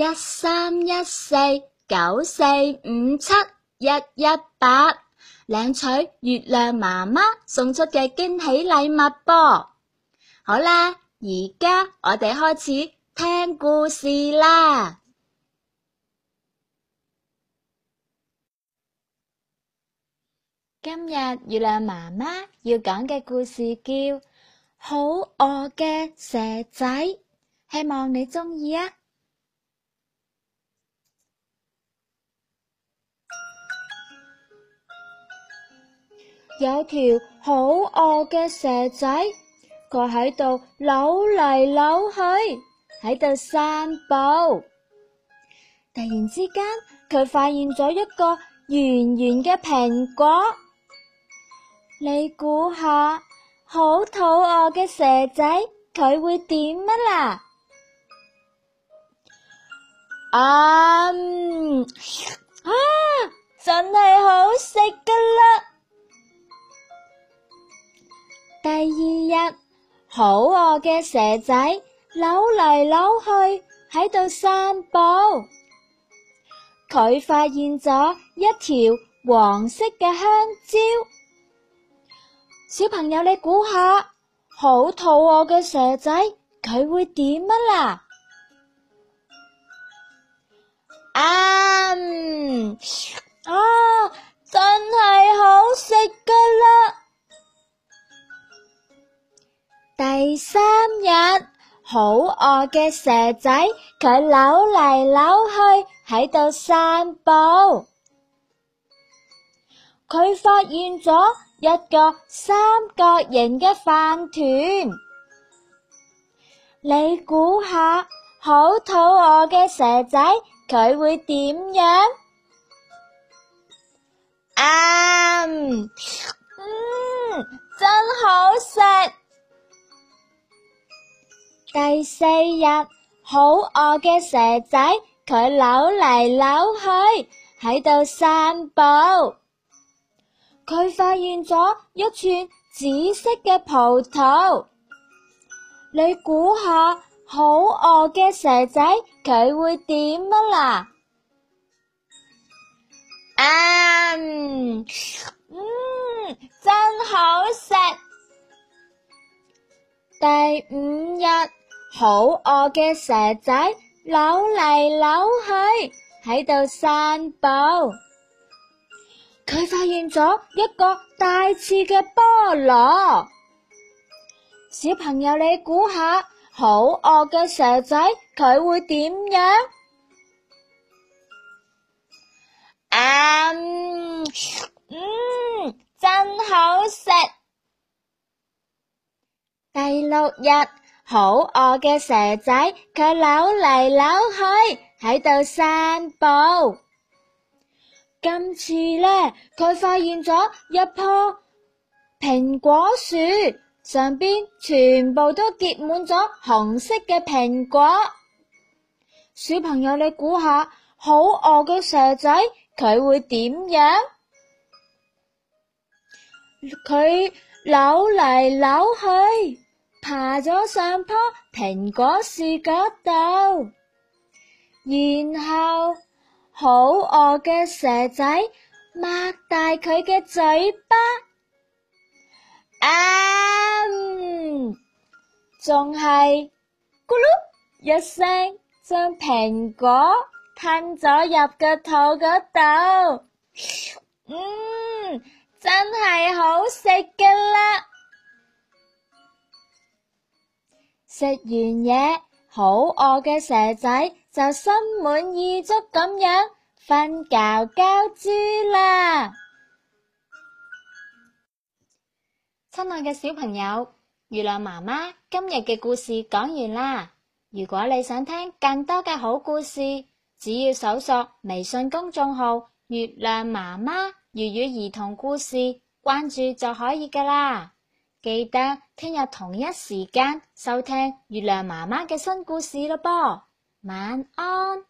一三一四九四五七一一八，領取月亮媽媽送出嘅驚喜禮物啵！好啦，而家我哋開始聽故事啦。今日月亮媽媽要講嘅故事叫《好餓嘅蛇仔》，希望你鍾意啊！有條好餓嘅蛇仔，佢喺度扭嚟扭去，喺度散步。突然之間，佢發現咗一個圓圓嘅蘋果。你估下，好肚餓嘅蛇仔，佢會點啊啦？Um, 啊，真係好食㗎喇！第二日，好餓嘅蛇仔扭嚟扭去喺度散步。佢發現咗一條黃色嘅香蕉。小朋友，你估下，好肚餓嘅蛇仔佢會點啊啦？好餓嘅蛇仔，佢扭嚟扭去喺度散步。佢發現咗一個三角形嘅飯糰，你估下，好肚餓嘅蛇仔佢會點樣？啊，um, 嗯，真好食。第四日，好餓嘅蛇仔佢扭嚟扭去喺度散步，佢發現咗一串紫色嘅葡萄，你估下，好餓嘅蛇仔佢會點啊啦？啊，嗯，嗯，真好食。第五日。好餓嘅蛇仔扭嚟扭去喺度散步，佢發現咗一個大刺嘅菠蘿。小朋友，你估下，好餓嘅蛇仔佢會點樣？啊，嗯，真好食。第六日。好餓嘅蛇仔，佢扭嚟扭去喺度散步。今次呢，佢發現咗一棵蘋果樹，上邊全部都結滿咗紅色嘅蘋果。小朋友，你估下，好餓嘅蛇仔佢會點樣？佢扭嚟扭去。爬咗上棵蘋果樹嗰度，然後好餓嘅蛇仔擘大佢嘅嘴巴，啊仲係、嗯、咕嚕一聲將蘋果吞咗入個肚嗰度，嗯，真係好食嘅啦。食完嘢，好餓嘅蛇仔就心滿意足咁樣瞓覺覺豬啦。親愛嘅小朋友，月亮媽媽今日嘅故事講完啦。如果你想聽更多嘅好故事，只要搜索微信公眾號《月亮媽媽粵語兒童故事》，關注就可以噶啦。記得聽日同一時間收聽月亮媽媽嘅新故事咯噃，晚安。